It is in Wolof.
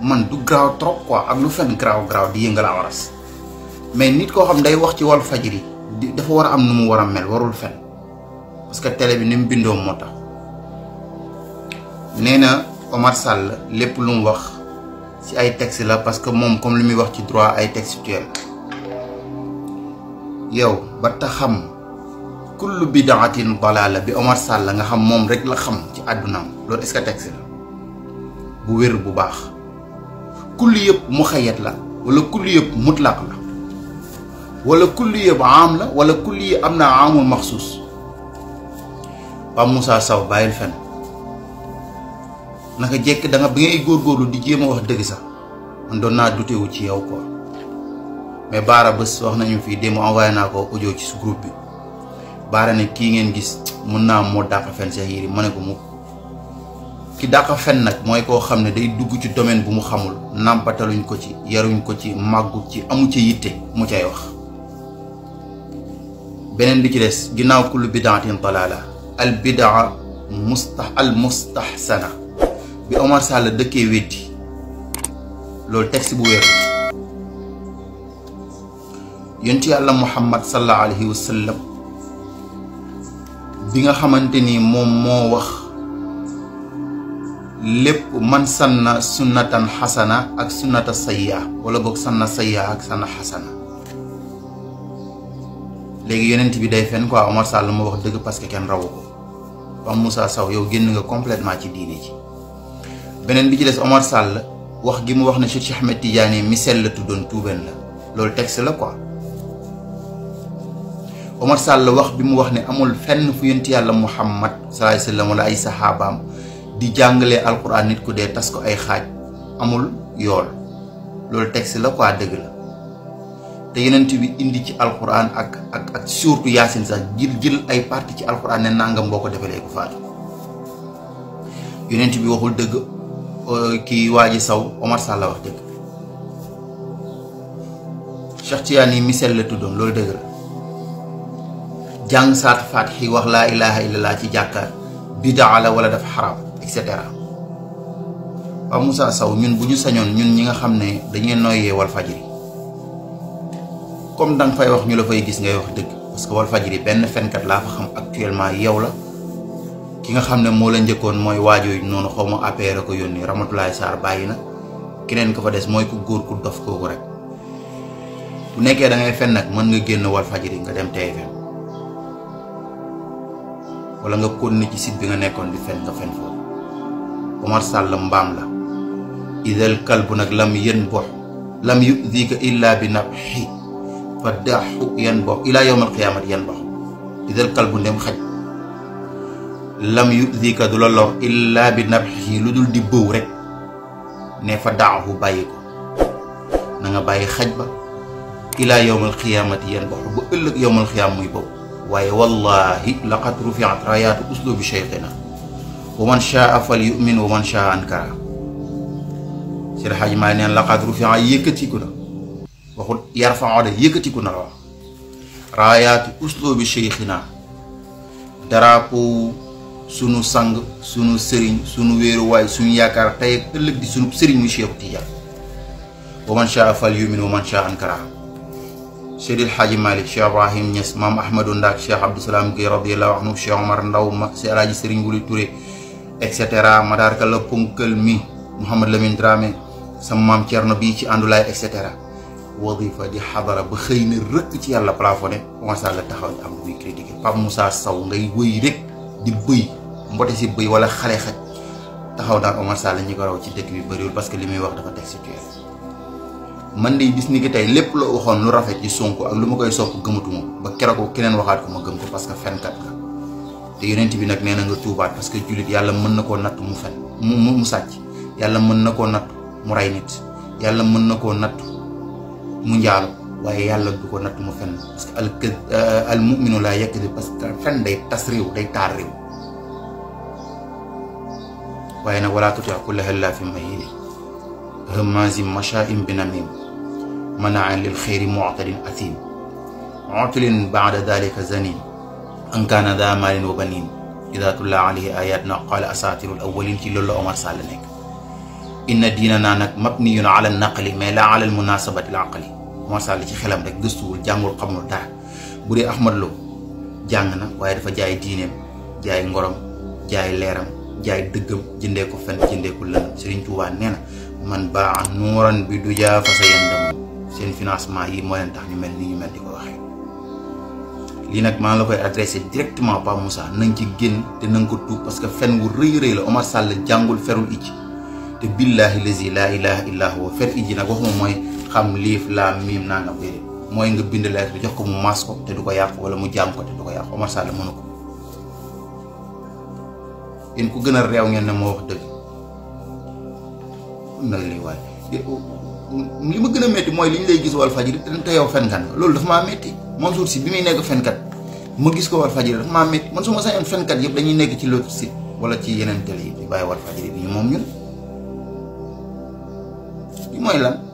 man du graw trop quoi ak lu fen graw graw di yëngal awras mais nit koo xam day wax ci wal fajiri dafa war am numu mu war mel warul fen parce que télé bi ni mu bindoo Omar Sall lépp lu mu wax ci ay texte la parce que moom comme li muy wax ci droit ay textuel yow ba ta xam kullu bi Omar Sall nga xam mom rek la xam ci àddunaam loolu est ce texte la bu wér bu baax kulli yëpp muxayyat la wala kulli yëpp mutlaq la wala kulli yëpp am la wala kulli yëpp am naa amul maxsuus Pape musaa saw bàyyil fen naka jekk da nga bi ngay góorgóorlu di jéem a wax dëgg sax man doon naa dutewu ci yow ko mais Baara bés wax nañu fii démb envoyé naa ko audio ci su groupe bi Baara ne kii ngeen gis mun naa moo dàq fen Cheikh Yérim ma ne ko mu ki dàq fen nak moy ko xamne day dugg ci domaine bu mu xamul nàmpataluñ ko ci yaruñ ko ci maggu ci amu ci yitte mu cay wax benen li ci dess ginaaw kullu bid'atin dalaala al bid'a mustah al mustahsana bi Omar Sall dëkkee weddi lol texte bu wér yonent yàlla muhammad sallallahu alayhi wasallam bi nga xamanteni mom mo wax lépp man sanna sunnatan xasana ak sunnata sayya wala boog sanna sayya ak sanna xasana léegi yonent bi day fen quoi Omar Sall moo wax dëgg parce que kenn rawu ko wax musaa saw yow génn nga complètement ci diine ji beneen bi ci des Omar Sall wax gi mu wax ne Cheikh Ahmed Tidiane mi sell la tuddoon tuubeen la loolu texte la quoi Omar Sall wax bi mu wax ne amul fenn fu yonent yàlla Muhammad sallallahu alayhi wa sallam wala ay saxaabaam di jàngale alquran nit ku dee tas ko ay xaaj amul yool loolu texte la quoi dëgg la te yonent bi indi ci alquran ak ak ak surtout yaasin sax jël jël ay parti ci alquran ne nangam boo ko defalee ko faatu yonent bi waxul dëgg kii waa ji saw Omar Sall la wax dëgg Cheikh Tidiane misel la tuddoon loolu dëgg la jàng saat faatixi wax laa ilaha illallah ci jàkkaar bidaa la wala dafa xaraam et cetera Pape Moussa Sow ñun bu ñu sañoon ñun ñi nga xam ne dañuy noyyee Walfadjri comme danga fay wax ñu la fay gis ngay wax dëgg parce que Walfadjri benn fenkat laa fa xam actuellement yow la ki nga xam ne moo la njëkkoon mooy yi noonu xaw ma APR ko yónni ramatulaay saar bàyyi na keneen ko fa des mooy ku góor ku dof kooku rek bu nekkee dangay ngay fen mën nga génn Walfadjri nga dem TFM wala nga continuer ci site bi nga nekkoon bi fen nga fen Omar Sall mbaam la idal kalbu nag lam yen box lam yudika illa bi nabxi fa daxu yen box ila yowm alqiyamat yen box idal kalbu ndem xaj lam yudika du la lor illa bi nabxi lu dul di bëw rek ne fa daahu bàyyi ko na nga bàyyi xaj ba ila yowm alqiyamati yen box ba ëllëg yowm alqiyam muy bëw waaye wallahi laqad rufiat rayaatu uslubi cheikhina wa man shaa fal yu'min wa man shaa ankara Seydi Hadji Malick neen laqad rufi'a yëkkatiku na waxul sunu sang sunu sëriñ yaakaar tey ëllëg di sunu sëriñ muy Cheikhu man shaa fal yu'min wa man shaa ankara Seydi El Hadji Malick Cheikh Ibrahim Niass maam Ahmadou Ndak Cheikh Abdou Salam Guèye anhu Cheikh Omar Ndaw si alaaji Sëriñ Wuli Touré et cetera Madaar Kalla Koungheul mi Mouhamad Lamine Dramé sama maam Thierno bii ci àndulaay et cetera wadifa di xadara ba xëy ne rëkk ci yàlla plafonné commencé la taxaw am lu muy critiqué Pape Moussa ngay wëy rek di bëy mbote si bëy wala xale xaj taxaw daan Omar Sall ñi ko raw ci dëkk bi bëriwul parce que li muy wax dafa teg situé man de bis ni ki tey lépp loo waxoon lu rafet yi Sonko ak lu ma koy sopp gëmatuma ba keroog keneen waxaat ko ma gëm ko parce que fenkat la te yonent bi nak nee nga tuubaat parce que julit yàlla mën nako nat mu fen mu mu sàcc yàlla mën nako nat mu ray nit yàlla mën nako nat mu njaalo waye yàlla du ko natt mu fen parce que al al muminu la yakdi parce que fen day tasriw réew day taar réew waaye nag walaa tuti kulla fi mahili hammaazin masha'im binamim mana'a lil xayri mu'tadin athim mu'tilin ba'da daalika zaniim ان كان ذا مال وبنين اذا تلا عليه اياتنا قال اساطير الاولين كي لولو عمر سالنك ان ديننا نك مبني على النقل ما لا على المناسبه العقلي ما سالي سي خلام رك دستور جامول خمول دا بودي احمد لو جانغنا واي دا فا جاي دينم جاي غوروم جاي ليرام جاي دغم جنده كو فن جنده كو لن سيرين توبا نينا من باع نورا بدجا فسيندم سين فيناسما يي مولن تخ ني ملني ني مل ديكو واخي lii nag maa la koy adressé directement Pape Moussa na nga ci génn te na nga ko tuub parce que fen wu rëy rëy la Omar Sall jàngul ferul ij te billaahi lazi laa ilaaha illaa huwa fer ij yi nag waxuma mooy xam liif laa miim naa nga koy mooy nga bind lettre jox ko mu maas ko te du ko yàq wala mu jaam ko te du ko yàq Omar Sall mënu ko yéen ku gën a réew ngeen ne moo wax dëgg nag lii waay li ma gën a métti mooy li ñu lay gis wal fajiri te yow fenkat loolu dafa maa métti Mansour Sy bi muy nekk fenkat ma gis ko wal fajiri dafa maa métti man su ma sañoon fenkat yëpp dañuy nekk ci l'autre site wala ci yeneen télé yi bàyyi wal fajiri bi moom ñun li mooy lan